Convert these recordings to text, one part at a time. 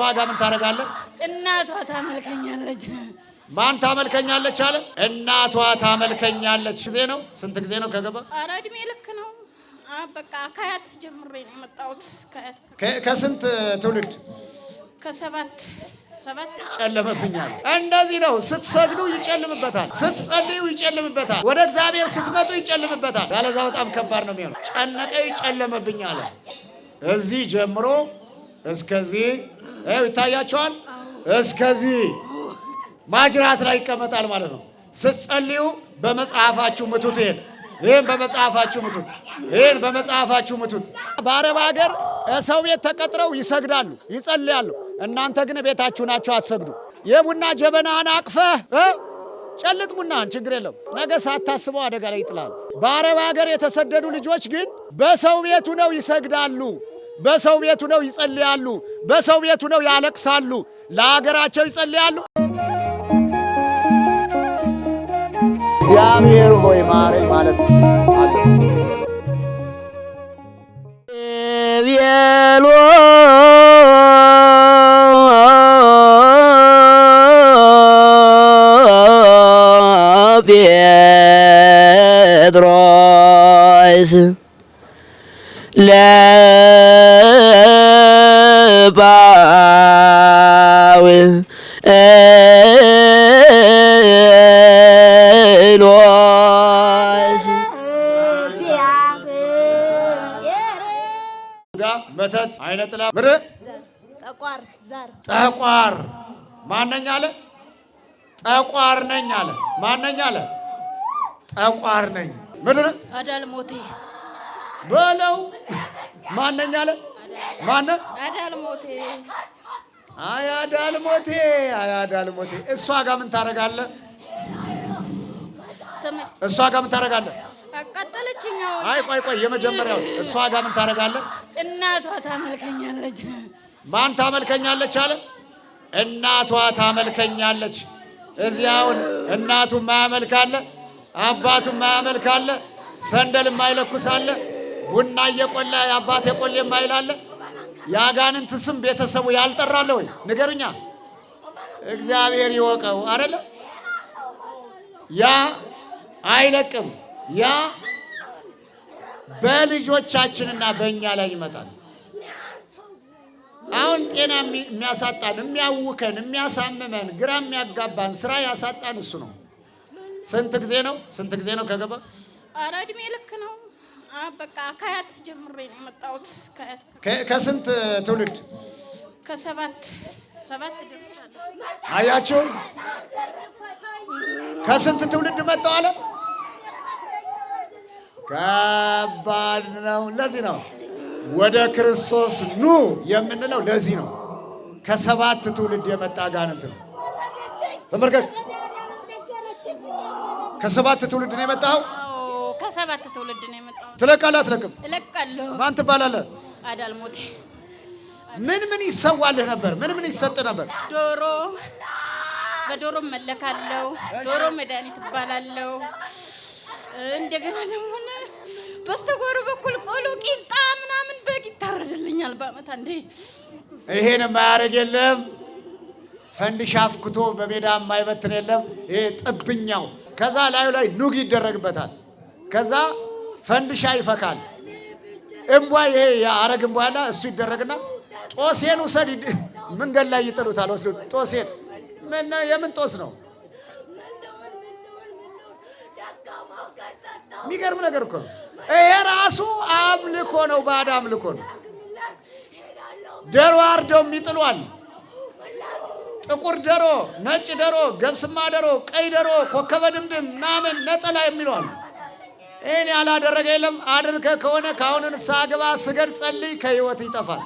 ዋጋ ምን ታደርጋለህ? እናቷ ታመልከኛለች። ማን ታመልከኛለች አለ? እናቷ ታመልከኛለች። ጊዜ ነው። ስንት ጊዜ ነው ከገባ? ኧረ እድሜ ልክ ነው። በቃ ከአያት ጀምሬ ነው የመጣሁት። ከስንት ትውልድ? ከሰባት ጨለመብኛል። እንደዚህ ነው። ስትሰግዱ ይጨልምበታል፣ ስትጸልዩ ይጨልምበታል፣ ወደ እግዚአብሔር ስትመጡ ይጨልምበታል። ያለዛ በጣም ከባድ ነው የሚሆነው። ጨነቀ፣ ይጨለመብኛል። እዚህ ጀምሮ እስከዚህ ይታያቸዋል። እስከዚህ ማጅራት ላይ ይቀመጣል ማለት ነው። ስትጸልዩ በመጽሐፋችሁ ምቱት። ይሄን ይህን በመጽሐፋችሁ ምቱት። ይህን በመጽሐፋችሁ ምቱት። በአረብ ሀገር ሰው ቤት ተቀጥረው ይሰግዳሉ፣ ይጸልያሉ። እናንተ ግን ቤታችሁ ናቸው፣ አትሰግዱ። የቡና ጀበናን አቅፈህ ጨልጥ ቡናን፣ ችግር የለም ነገ ሳታስበው አደጋ ላይ ይጥላል። በአረብ ሀገር የተሰደዱ ልጆች ግን በሰው ቤቱ ነው ይሰግዳሉ። በሰው ቤቱ ነው ይጸልያሉ፣ በሰው ቤቱ ነው ያለቅሳሉ፣ ለሀገራቸው ይጸልያሉ። እግዚአብሔር ሆይ ማረኝ ማለት ነው። ጋ መተት አይነ ጥላ ምር ጠቋር ጠቋር ማነኝ አለ ጠቋር ነኝ አለ ማነኝ አለ ጠቋር ነኝ ምንድን አዳልሞቴ በለው ማነኝ አለ ማነ አዳልሞቴ አይ አዳልሞቴ አይ አዳልሞቴ እሷ ጋር ምን ታደርጋለህ እሷ ጋር ምን ታደርጋለህ ቀጠለችኝ። አይ ቆይ ቆይ፣ የመጀመሪያው እሷ ጋር ምን ታደርጋለህ? እናቷ ታመልከኛለች። ማን ታመልከኛለች አለ? እናቷ ታመልከኛለች። እዚያውን እናቱ ማያመልክ አለ፣ አባቱ ማያመልክ አለ፣ ሰንደል የማይለኩስ አለ፣ ቡና እየቆላ አባት የቆሌ የማይል አለ። የአጋንንት ስም ቤተሰቡ ያልጠራለ ወይ ንገሩኛ። እግዚአብሔር ይወቀው አይደለ ያ አይለቅም ያ በልጆቻችንና በእኛ ላይ ይመጣል። አሁን ጤና የሚያሳጣን የሚያውከን፣ የሚያሳምመን፣ ግራ የሚያጋባን፣ ስራ ያሳጣን እሱ ነው። ስንት ጊዜ ነው ስንት ጊዜ ነው ከገባ? ኧረ እድሜ ልክ ነው። በቃ ከአያት ጀምሬ ነው የመጣሁት። ከስንት ትውልድ? ከሰባት ሰባት ደርሻለሁ። አያችሁም? ከስንት ትውልድ መጣሁ አለ ከባድ ነው። ለዚህ ነው ወደ ክርስቶስ ኑ የምንለው። ለዚህ ነው ከሰባት ትውልድ የመጣ አጋንንት ነው። ተመልከት፣ ከሰባት ትውልድ ነው የመጣው። ከሰባት ትውልድ ነው የመጣው። ትለቃለህ? አትለቅም? እለቃለሁ። ማን ትባላለህ? አዳልሞቴ። ምን ምን ይሰዋልህ ነበር? ምን ምን ይሰጥ ነበር? ዶሮ በዶሮ መለካለሁ። ዶሮ መድኃኒት እባላለሁ። እንደገና ደግሞ በስተጓሮ በኩል ቆሎ፣ ቂጣ ምናምን በግ ይታረድልኛል በአመት አንዴ። ይሄን የማያደርግ የለም። ፈንዲሻ አፍክቶ በሜዳ የማይበትን የለም። ይሄ ጥብኛው ከዛ ላዩ ላይ ኑግ ይደረግበታል። ከዛ ፈንድሻ ይፈካል። እምቧ ይሄ የአረግ እምቧ ያለ እሱ ይደረግና ጦሴን ውሰድ፣ መንገድ ላይ ይጥሉታል። ወስዱ ጦሴን። የምን ጦስ ነው? የሚገርም ነገር እኮ ነው። ይሄ ራሱ አምልኮ ነው፣ ባዕድ አምልኮ ነው። ደሮ አርደው የሚጥሏል። ጥቁር ደሮ፣ ነጭ ደሮ፣ ገብስማ ደሮ፣ ቀይ ደሮ፣ ኮከበ ድምድም ምናምን ነጠላ የሚለዋል። ይህን ያላደረገ የለም። አድርገ ከሆነ ከአሁን ንስሐ ግባ፣ ስገድ፣ ጸልይ፣ ከህይወት ይጠፋል።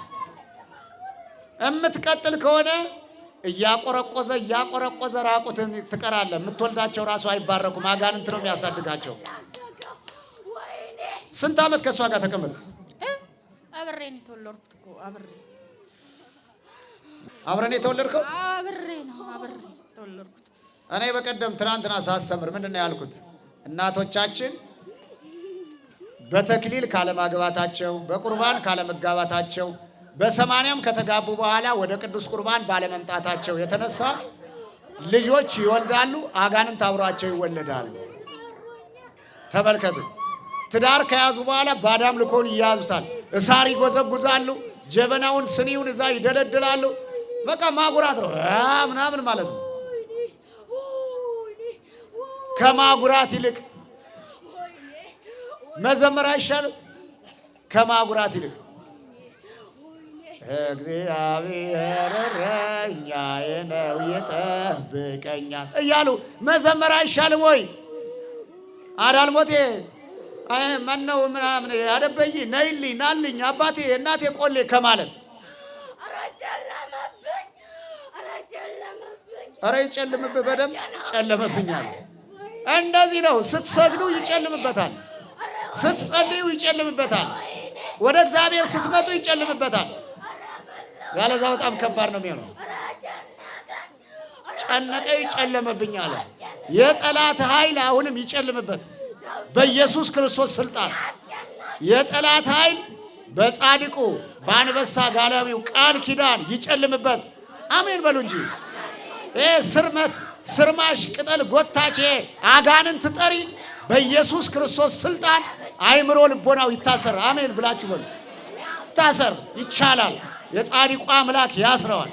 የምትቀጥል ከሆነ እያቆረቆዘ እያቆረቆዘ ራቁትን ትቀራለ የምትወልዳቸው ራሱ አይባረኩም፣ አጋንንት ነው የሚያሳድጋቸው። ስንት ዓመት ከእሷ ጋር ተቀመጥኩ? አብሬ ነው የተወለድኩት እኮ አብሬ አብረን የተወለድከው አብሬ ነው አብሬ የተወለድኩት። እኔ በቀደም ትናንትና ሳስተምር ምንድን ነው ያልኩት? እናቶቻችን በተክሊል ካለማግባታቸው፣ በቁርባን ካለመጋባታቸው፣ በሰማንያም ከተጋቡ በኋላ ወደ ቅዱስ ቁርባን ባለመምጣታቸው የተነሳ ልጆች ይወልዳሉ፣ አጋንንት አብሯቸው ይወለዳሉ። ተመልከቱ። ትዳር ከያዙ በኋላ ባዳም ልኮን ይያዙታል። እሳር ይጎዘጉዛሉ። ጀበናውን፣ ስኒውን እዛ ይደለድላሉ። በቃ ማጉራት ነው ምናምን ማለት ነው። ከማጉራት ይልቅ መዘመር አይሻልም? ከማጉራት ይልቅ እግዚአብሔር እረኛዬ ነው ይጠብቀኛል እያሉ መዘመር አይሻልም ወይ? አዳልሞቴ ማነው ምናምን አደበይ ነይልኝ ናልኝ አባቴ እናቴ ቆሌ ከማለት ኧረ ይጨልምብህ በደምብ ጨለመብኛል። እንደዚህ ነው ስትሰግዱ ይጨልምበታል፣ ስትጸልዩ ይጨልምበታል፣ ወደ እግዚአብሔር ስትመጡ ይጨልምበታል። ያለዛ በጣም ከባድ ነው የሚሆነው። ጨነቀ ይጨለመብኝ የጠላት ኃይል አሁንም ይጨልምበት። በኢየሱስ ክርስቶስ ስልጣን የጠላት ኃይል በጻድቁ በአንበሳ ጋላቢው ቃል ኪዳን ይጨልምበት። አሜን በሉ እንጂ ይህ ስርመት ስርማሽ ቅጠል ጎታች አጋንንት ጠሪ በኢየሱስ ክርስቶስ ስልጣን አይምሮ ልቦናው ይታሰር። አሜን ብላችሁ በሉ ይታሰር። ይቻላል። የጻድቁ አምላክ ያስረዋል።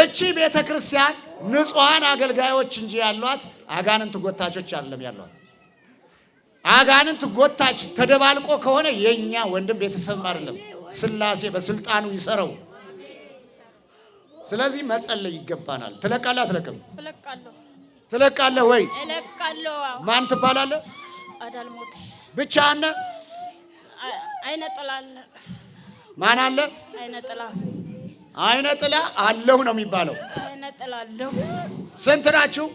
እቺ ቤተ ክርስቲያን ንጹሐን አገልጋዮች እንጂ ያሏት አጋንንት ጎታቾች አይደለም ያሏት። አጋንንት ጎታች ተደባልቆ ከሆነ የኛ ወንድም ቤተሰብ አይደለም፣ ስላሴ በስልጣኑ ይሰረው። ስለዚህ መጸለይ ይገባናል። ትለቃለህ አትለቅም? ትለቃለህ ወይ? ማን ትባላለህ? አዳልሞት ብቻ አነ አይነ ጥላ አለ። ማን አለ? አይነ ጥላ አይነ ጥላ አለሁ ነው የሚባለው። አይነ ጥላ አለሁ። ስንት ናችሁ?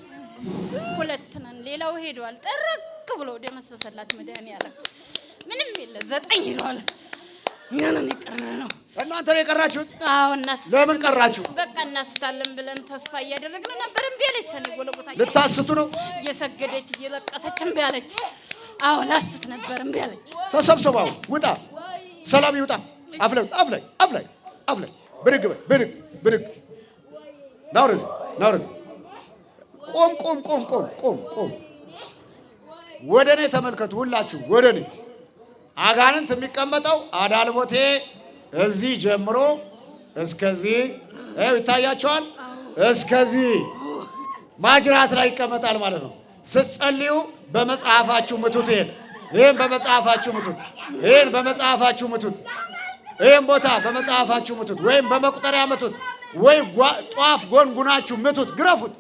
ሁለት ነን። ሌላው ሄዷል። ጥርቅ ብሎ ደመሰሰላት። መድኃኒዓለም ምንም የለ ዘጠኝ ይለዋል። እኛንን የቀረ ነው እናንተ ነው የቀራችሁት? አዎ። ለምን ቀራችሁ? በቃ እናስታለን ብለን ተስፋ እያደረግን ነበር። እምቢ አለች። ሰኔ ልታስቱ ነው። እየሰገደች እየለቀሰች እምቢ አለች። አዎ ላስት ነበር እምቢ አለች። ተሰብስበው ውጣ፣ ሰላም ይውጣ። አፍላይ አፍላይ አፍላይ አፍላይ ብድግ ብድግ ብድግ። ናውረዝ ናውረዝ ቆም ቆም ቆም ቆም ቆም ወደ እኔ ተመልከቱ፣ ሁላችሁ ወደ እኔ። አጋንንት የሚቀመጠው አዳልቦቴ እዚህ ጀምሮ እስከዚህ ይታያቸዋል። እስከዚህ ማጅራት ላይ ይቀመጣል ማለት ነው። ስትጸልዩ በመጽሐፋችሁ ምቱት። ይሄን ይሄን በመጽሐፋችሁ ምቱት። ይሄን በመጽሐፋችሁ ምቱት። ይሄን ቦታ በመጽሐፋችሁ ምቱት፣ ወይም በመቁጠሪያ ምቱት፣ ወይ ጧፍ ጎንጉናችሁ ምቱት፣ ግረፉት።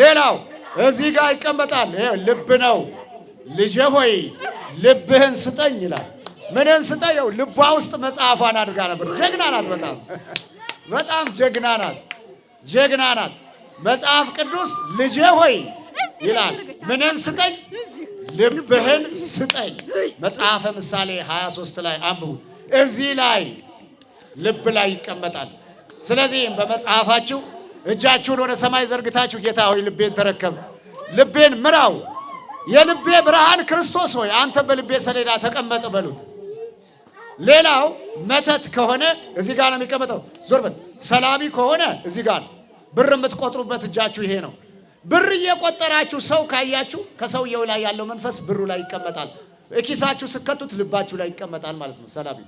ሌላው እዚህ ጋር ይቀመጣል። ልብ ነው። ልጄ ሆይ ልብህን ስጠኝ ይላል። ምንን ስጠኝ? ልቧ ውስጥ መጽሐፏን አድርጋ ነበር። ጀግና ናት። በጣም በጣም ጀግና ናት። ጀግና ናት። መጽሐፍ ቅዱስ ልጄ ሆይ ይላል። ምንን ስጠኝ? ልብህን ስጠኝ። መጽሐፈ ምሳሌ 23 ላይ አንብቡ። እዚህ ላይ ልብ ላይ ይቀመጣል። ስለዚህም በመጽሐፋችሁ እጃችሁን ወደ ሰማይ ዘርግታችሁ ጌታ ሆይ ልቤን ተረከብ፣ ልቤን ምራው፣ የልቤ ብርሃን ክርስቶስ ሆይ አንተ በልቤ ሰሌዳ ተቀመጥ በሉት። ሌላው መተት ከሆነ እዚህ ጋር ነው የሚቀመጠው። ዞር በል። ሰላቢ ከሆነ እዚህ ጋር ብር የምትቆጥሩበት እጃችሁ ይሄ ነው። ብር እየቆጠራችሁ ሰው ካያችሁ ከሰውየው ላይ ያለው መንፈስ ብሩ ላይ ይቀመጣል። እኪሳችሁ ስከቱት ልባችሁ ላይ ይቀመጣል ማለት ነው ሰላቢ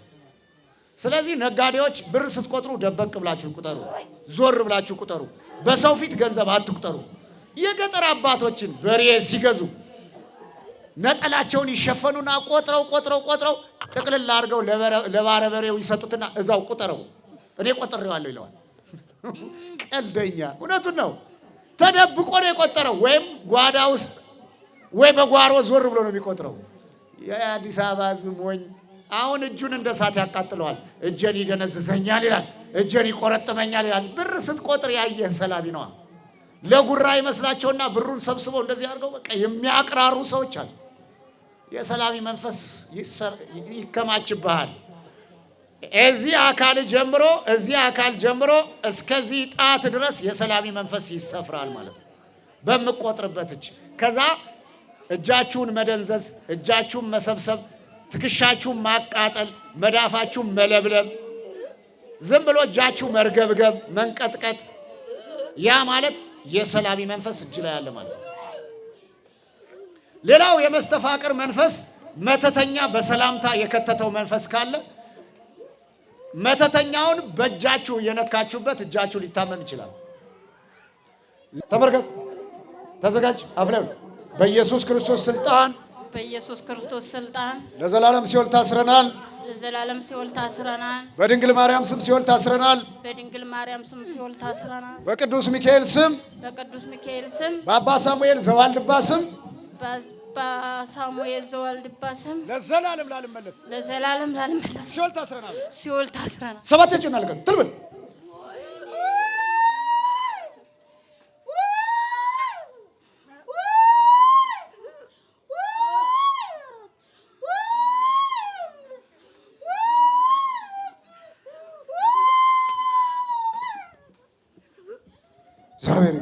ስለዚህ ነጋዴዎች ብር ስትቆጥሩ ደበቅ ብላችሁ ቁጠሩ፣ ዞር ብላችሁ ቁጠሩ። በሰው ፊት ገንዘብ አትቁጠሩ። የገጠር አባቶችን በሬ ሲገዙ ነጠላቸውን ይሸፈኑና ቆጥረው ቆጥረው ቆጥረው ጥቅልል አድርገው ለባረ በሬው ይሰጡትና እዛው ቁጠረው፣ እኔ ቆጥሬዋለሁ ይለዋል። ቀልደኛ። እውነቱን ነው። ተደብቆ ነው የቆጠረው። ወይም ጓዳ ውስጥ ወይ በጓሮ ዞር ብሎ ነው የሚቆጥረው። የአዲስ አበባ ህዝብ ሞኝ አሁን እጁን እንደ እሳት ያቃጥለዋል። እጄን ይደነዝዘኛል ይላል። እጄን ይቆረጥመኛል ይላል። ብር ስትቆጥር ያየህ ሰላቢ ነዋ። ለጉራ ይመስላቸውና ብሩን ሰብስበው እንደዚህ አድርገው በቃ የሚያቅራሩ ሰዎች አሉ። የሰላቢ መንፈስ ይከማችብሃል። እዚህ አካል ጀምሮ እዚህ አካል ጀምሮ እስከዚህ ጣት ድረስ የሰላቢ መንፈስ ይሰፍራል ማለት ነው። በምቆጥርበት እጅ ከዛ እጃችሁን መደንዘዝ፣ እጃችሁን መሰብሰብ ትከሻችሁን ማቃጠል፣ መዳፋችሁን መለብለብ፣ ዝም ብሎ እጃችሁ መርገብገብ፣ መንቀጥቀጥ፣ ያ ማለት የሰላቢ መንፈስ እጅ ላይ አለ ማለት ነው። ሌላው የመስተፋቅር መንፈስ መተተኛ በሰላምታ የከተተው መንፈስ ካለ መተተኛውን በእጃችሁ የነካችሁበት እጃችሁ ሊታመም ይችላል። ተመርገብ፣ ተዘጋጅ፣ አፍለው በኢየሱስ ክርስቶስ ስልጣን በኢየሱስ ክርስቶስ ስልጣን ለዘላለም ሲኦል ታስረናል። ለዘላለም ሲኦል ታስረናል። በድንግል ማርያም ስም ሲኦል ታስረናል። በድንግል ማርያም ስም ሲኦል ታስረናል። በቅዱስ ሚካኤል ስም በቅዱስ ሚካኤል ስም በአባ ሳሙኤል ዘዋልድባ ስም በአባ ሳሙኤል ዘዋልድባ ስም ለዘላለም ላልመለስ ለዘላለም ላልመለስ ሲኦል ታስረናል። ሲኦል ታስረናል። ሰባት እጅ እናልቀን ትልብል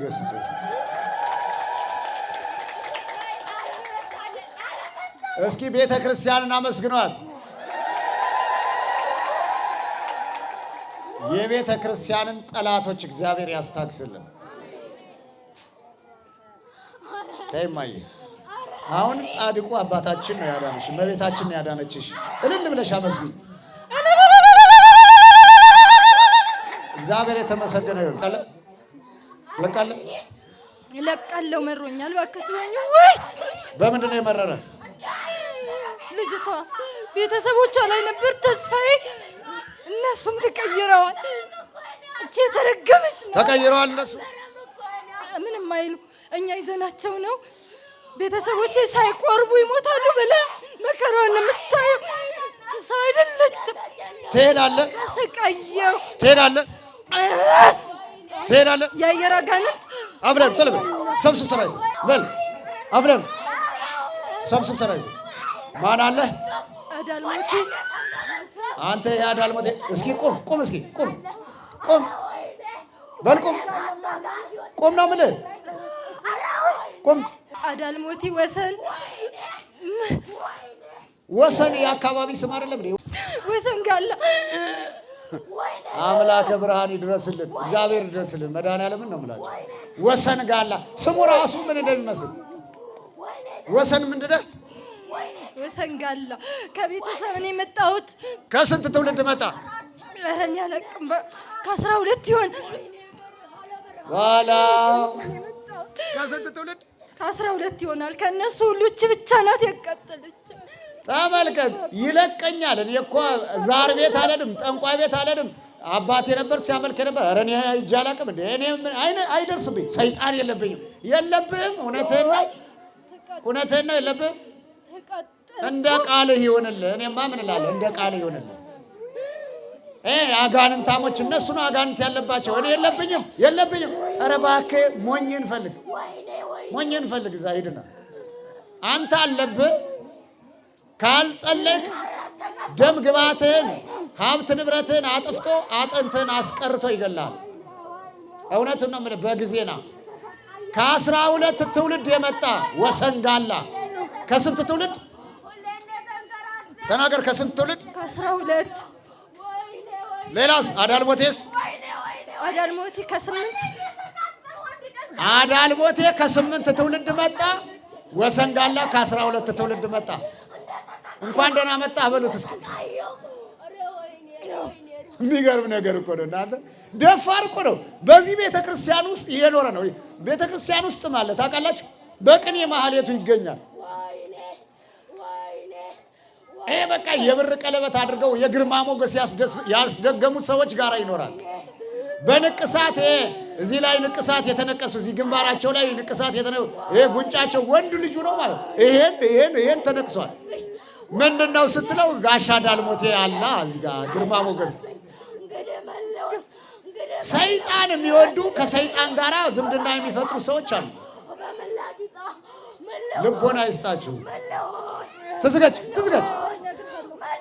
ገስጸው። እስኪ ቤተ ክርስቲያንን አመስግኗት። የቤተ ክርስቲያንን ጠላቶች እግዚአብሔር ያስታክስልን። ታይማየ አሁን ጻድቁ አባታችን ነው ያዳነሽ፣ መቤታችን ነው ያዳነችሽ። እልል ብለሽ አመስግኝ። እግዚአብሔር የተመሰገነ ይሁን። ለቃለ ለቃለው መሮኛል። እባክህ ትሆኝ ወይ? በምንድን ነው የመረረ? ልጅቷ ቤተሰቦቿ ላይ ነበር ተስፋዬ፣ እነሱም ተቀይረዋል። እቺ የተረገመች ተቀይረዋል። እነሱ ምንም አይሉ፣ እኛ ይዘናቸው ነው። ቤተሰቦቼ ሳይቆርቡ ይሞታሉ ብለህ መከራውን የምታየው ሰው አይደለችም። ትሄዳለህ። ተሰቃየው። ትሄዳለህ ትሄዳለህ። የአየር አጋንንት አፍረን ተለበ ሰብስብ ሰራይ በል አፍረን ሰብስብ ሰራይ ማን አለ? አዳልሞቲ አንተ የአዳልሞቲ እስኪ ቁም ቁም እስኪ ቁም ቁም በል ቁም ቁም ነው የምልህ ቁም አዳልሞቲ ወሰን ወሰን የአካባቢ ስም አይደለም ወሰን ጋላ አምላከ ብርሃን ይድረስልን፣ እግዚአብሔር ይድረስልን። መድኃኒዓለምን ነው የምላቸው። ወሰን ጋላ ስሙ ራሱ ምን እንደሚመስል ወሰን ምንድን ነው? ወሰን ጋላ ከቤተሰብ ነው የመጣሁት። ከስንት ትውልድ መጣ? ኧረ እኔ አላውቅም። ከአስራ ሁለት ይሆን ዋላ ከስንት ትውልድ? ከአስራ ሁለት ይሆናል። ከእነሱ ሁሉ እች ብቻ ናት ያቃጠለች ተመልከት፣ ይለቀኛል። እኔ እኮ ዛር ቤት አልሄድም፣ ጠንቋይ ቤት አልሄድም። አባቴ ነበር ሲያመልክ ነበር። ኧረ እኔ ሂጄ አላውቅም። እንደ አይደርስብኝ፣ ሰይጣን የለብኝም። የለብህም። እውነትህን ነው፣ እውነትህን ነው። የለብህም። እንደ ቃልህ ይሆንልህ። እኔማ ምን እላለሁ? እንደ ቃልህ ይሆንልህ። አጋንንታሞች እነሱ ነው አጋንንት ያለባቸው። እኔ የለብኝም፣ የለብኝም። ኧረ እባክህ ሞኝህን ፈልግ፣ ሞኝህን ፈልግ። እዛ ሂድና አንተ አለብህ ካልጸለይክ ደም ግባትህን ሀብት ንብረትህን አጥፍቶ አጥንትህን አስቀርቶ ይገላል። እውነቱን ነው የምልህ። በጊዜና ከአስራ ሁለት ትውልድ የመጣ ወሰንጋላ ከስንት ትውልድ ተናገር? ከስንት ትውልድ? ከአስራ ሁለት ሌላስ? አዳልሞቴስ? አዳልሞቴ ከስምንት አዳልሞቴ ከስምንት ትውልድ መጣ። ወሰንጋላ ከአስራ ሁለት ትውልድ መጣ። እንኳን ደህና መጣህ በሉት። የሚገርም ነገር እኮ ነው እናንተ። ደፋር እኮ ነው። በዚህ ቤተ ክርስቲያን ውስጥ እየኖረ ነው። ቤተ ክርስቲያን ውስጥ ማለት ታውቃላችሁ፣ በቅኔ ማህሌቱ ይገኛል። ይሄ በቃ የብር ቀለበት አድርገው የግርማ ሞገስ ያስደገሙት ሰዎች ጋር ይኖራል። በንቅሳት እዚህ ላይ ንቅሳት የተነቀሱ እዚህ ግንባራቸው ላይ ንቅሳት የተነ ጉንጫቸው ወንድ ልጁ ነው ማለት ይሄን ይሄን ይሄን ተነቅሷል። ምንድን ነው ስትለው፣ ጋሻ ዳልሞቴ አለ እዚጋ ግርማ ሞገስ ሰይጣን የሚወዱ ከሰይጣን ጋር ዝምድና የሚፈጥሩ ሰዎች አሉ። ልቦና አይስጣችሁ። ትዝጋች ትዝጋች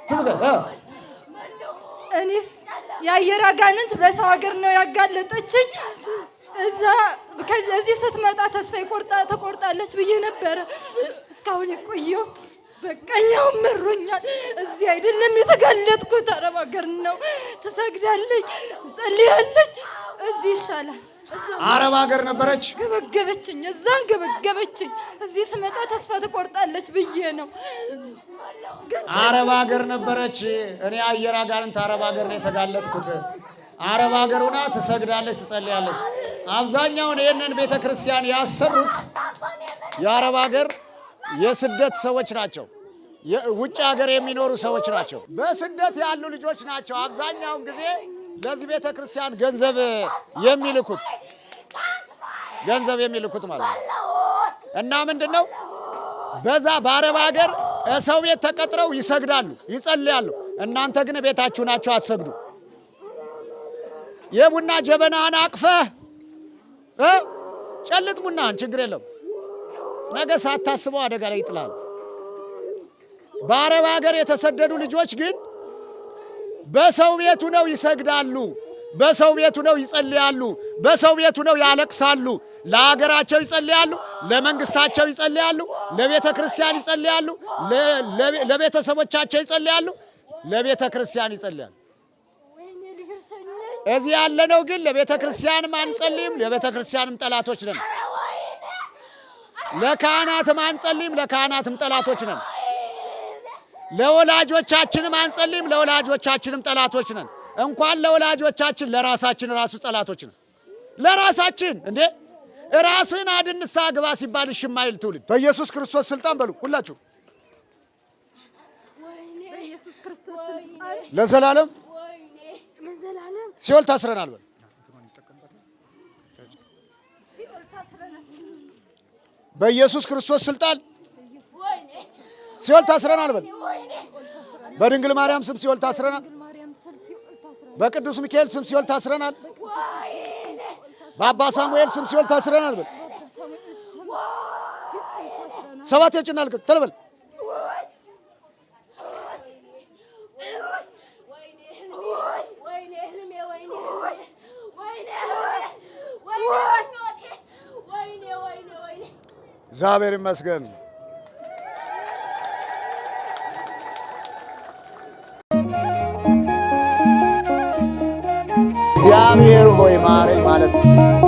ትዝጋች። እኔ የአየር አጋንንት በሰው ሀገር ነው ያጋለጠችኝ። እዛ እዚህ ስትመጣ ተስፋ ተቆርጣለች ብዬ ነበረ እስካሁን የቆየሁት በቀኛው መሮኛል። እዚህ አይደለም የተጋለጥኩት፣ አረብ ሀገር ነው። ትሰግዳለች፣ ትጸልያለች። እዚህ ይሻላል። አረብ ሀገር ነበረች፣ ገበገበችኝ። እዛን ገበገበችኝ። እዚህ ስመጣ ተስፋ ትቆርጣለች ብዬ ነው። አረብ ሀገር ነበረች። እኔ አየር አጋንንት አረብ ሀገር ነው የተጋለጥኩት። አረብ ሀገር ሆና ትሰግዳለች፣ ትጸልያለች። አብዛኛውን ይህንን ቤተ ክርስቲያን ያሰሩት የአረብ ሀገር የስደት ሰዎች ናቸው። ውጭ ሀገር የሚኖሩ ሰዎች ናቸው። በስደት ያሉ ልጆች ናቸው። አብዛኛውን ጊዜ ለዚህ ቤተ ክርስቲያን ገንዘብ የሚልኩት ገንዘብ የሚልኩት ማለት ነው እና ምንድን ነው በዛ በአረብ ሀገር ሰው ቤት ተቀጥረው ይሰግዳሉ፣ ይጸልያሉ። እናንተ ግን ቤታችሁ ናቸው፣ አትሰግዱ። የቡና ጀበናህን አቅፈህ ጨልጥ ቡናህን፣ ችግር የለም ነገ ሳታስበው አደጋ ላይ ይጥላሉ። በአረብ ሀገር የተሰደዱ ልጆች ግን በሰው ቤቱ ነው ይሰግዳሉ፣ በሰው ቤቱ ነው ይጸልያሉ፣ በሰው ቤቱ ነው ያለቅሳሉ። ለሀገራቸው ይጸልያሉ፣ ለመንግስታቸው ይጸልያሉ፣ ለቤተ ክርስቲያን ይጸልያሉ፣ ለቤተሰቦቻቸው ይጸልያሉ፣ ለቤተ ክርስቲያን ይጸልያሉ። እዚህ ያለነው ግን ለቤተ ክርስቲያንም አንጸልይም፣ ለቤተ ክርስቲያንም ጠላቶች ነን። ለካህናትም አንጸልይም፣ ለካህናትም ጠላቶች ነን። ለወላጆቻችንም አንጸልይም፣ ለወላጆቻችንም ጠላቶች ነን። እንኳን ለወላጆቻችን ለራሳችን ራሱ ጠላቶች ነን። ለራሳችን እንዴ ራስህን አድንሳ ግባ ሲባል እሺ የማይል ትውልድ በኢየሱስ ክርስቶስ ስልጣን በሉ ሁላችሁ ለዘላለም ሲኦል ታስረናል በል በኢየሱስ ክርስቶስ ስልጣን ሲኦል ታስረናል። በል በድንግል ማርያም ስም ሲኦል ታስረናል። በቅዱስ ሚካኤል ስም ሲኦል ታስረናል። በአባ ሳሙኤል ስም ሲኦል ታስረናል። በል ሰባት የጭና ትልበል እግዚአብሔር ይመስገን። እግዚአብሔር ሆይ ማረኝ ማለት ነው።